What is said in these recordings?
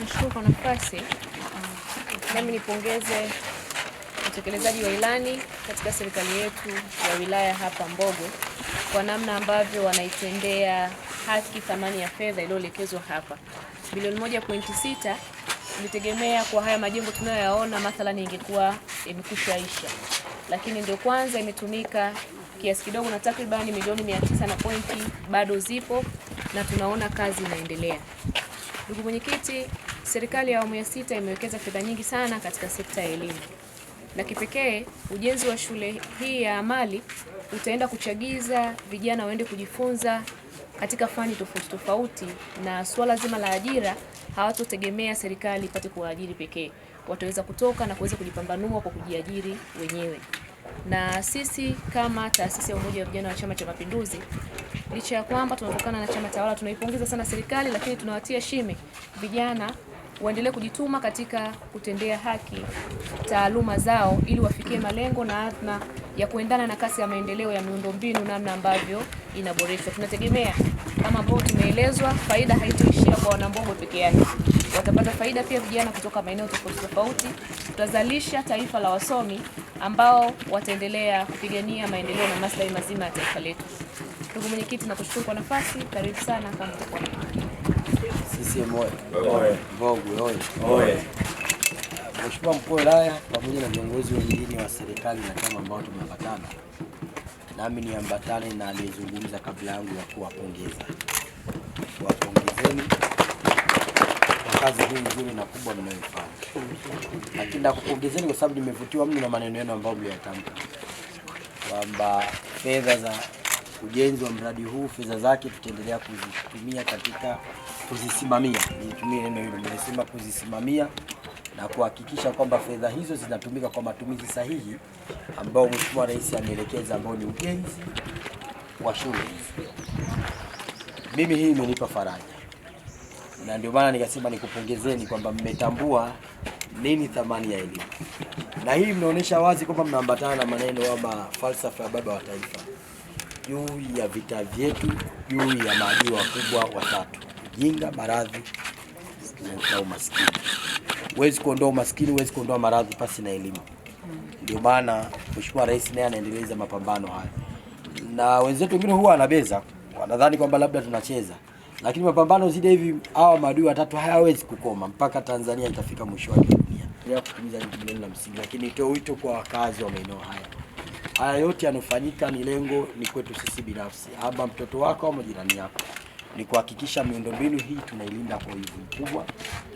Nashukuru kwa nafasi. Nami nipongeze utekelezaji wa ilani katika serikali yetu ya wilaya hapa Mbogo kwa namna ambavyo wanaitendea haki thamani ya fedha iliyoelekezwa hapa bilioni 1.6. Tulitegemea kwa haya majengo tunayoyaona mathalani ingekuwa imekushaisha lakini ndio kwanza imetumika kiasi kidogo, na takribani milioni tisa na pointi bado zipo na tunaona kazi inaendelea. Ndugu mwenyekiti, Serikali ya awamu ya sita imewekeza fedha nyingi sana katika sekta ya elimu, na kipekee ujenzi wa shule hii ya amali utaenda kuchagiza vijana waende kujifunza katika fani tofauti tofauti, na suala zima la ajira hawatotegemea serikali ipate kuwaajiri pekee, wataweza kutoka na kuweza kujipambanua kwa kujiajiri wenyewe. Na sisi kama taasisi ya umoja wa vijana wa Chama cha Mapinduzi, licha ya kwamba tunatokana na chama tawala, tunaipongeza sana serikali, lakini tunawatia shime vijana waendelee kujituma katika kutendea haki taaluma zao ili wafikie malengo na azma ya kuendana na kasi ya maendeleo ya miundombinu namna ambavyo inaboreshwa. Tunategemea kama ambavyo tumeelezwa, faida haitoishia kwa wanambogo peke yake, watapata faida pia vijana kutoka maeneo tofauti tofauti. Tutazalisha taifa la wasomi ambao wataendelea kupigania maendeleo na maslahi mazima ya taifa letu. Ndugu Mwenyekiti, nakushukuru kwa nafasi. Karibu sana kama CCM oye! Mbogwe oye! Mheshimiwa mkuu wa wilaya pamoja na viongozi wengine wa serikali na chama ambao tumeambatana, nami niambatane na aliyezungumza kabla yangu ya kuwapongeza. Kuwapongezeni kwa kazi hii nzuri na kubwa mnayoifanya, lakini nakupongezeni kwa sababu nimevutiwa mno na maneno yenu ambayo mliyatamka kwamba fedha za ujenzi wa mradi huu, fedha zake tutaendelea kuzitumia katika kuzisimamia, nitumie neno hilo, nimesema kuzisimamia na kuhakikisha kwamba fedha hizo zinatumika kwa matumizi sahihi ambayo Mheshimiwa Rais ameelekeza, ambao ni ujenzi wa shule. Mimi hii imenipa faraja, na ndio maana nikasema nikupongezeni kwamba mmetambua nini thamani ya elimu, na hii mnaonyesha wazi kwamba mnaambatana na maneno ama falsafa ya Baba wa Taifa juu ya vita vyetu juu ya maadui wakubwa watatu: ujinga, maradhi na umaskini. Huwezi kuondoa umaskini, huwezi kuondoa maradhi pasi na elimu. Ndio maana Mheshimiwa Rais naye anaendeleza mapambano haya, na wenzetu wengine huwa anabeza wanadhani kwamba labda tunacheza, lakini mapambano zile hivi hawa maadui watatu hayawezi kukoma mpaka Tanzania itafika mwisho wake dunia kutimiza jukumu la msingi. Lakini nitoe wito kwa wakazi wa maeneo haya Haya yote yanofanyika ni lengo ni kwetu sisi binafsi, ama mtoto wako au jirani yako, ni kuhakikisha miundombinu hii tunailinda kwa wivu mkubwa,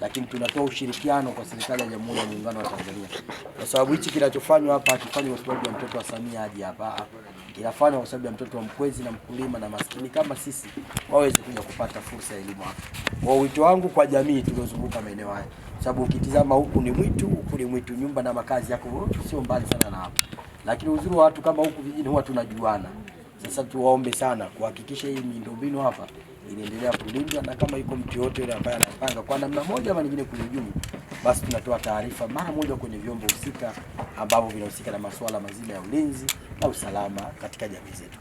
lakini tunatoa ushirikiano kwa serikali ya Jamhuri ya Muungano wa Tanzania, kwa sababu hichi kinachofanywa hapa hakifanywi kwa sababu ya mtoto wa Samia aje hapa, kinafanywa kwa sababu ya mtoto wa mkwezi na mkulima na maskini kama sisi waweze kuja kupata fursa ya elimu hapa. Kwa wito wangu kwa jamii tuliozunguka maeneo haya, sababu ukitizama huku ni mwitu, huku ni mwitu, nyumba na makazi yako sio mbali sana na hapa lakini uzuri wa watu kama huku vijijini huwa tunajuana. Sasa tuwaombe sana kuhakikisha hii miundombinu hapa inaendelea kulindwa, na kama iko mtu yoyote yule ambaye anapanga kwa namna moja ama nyingine kuhujumu, basi tunatoa taarifa mara moja kwenye vyombo husika ambavyo vinahusika na masuala mazima ya ulinzi na usalama katika jamii zetu.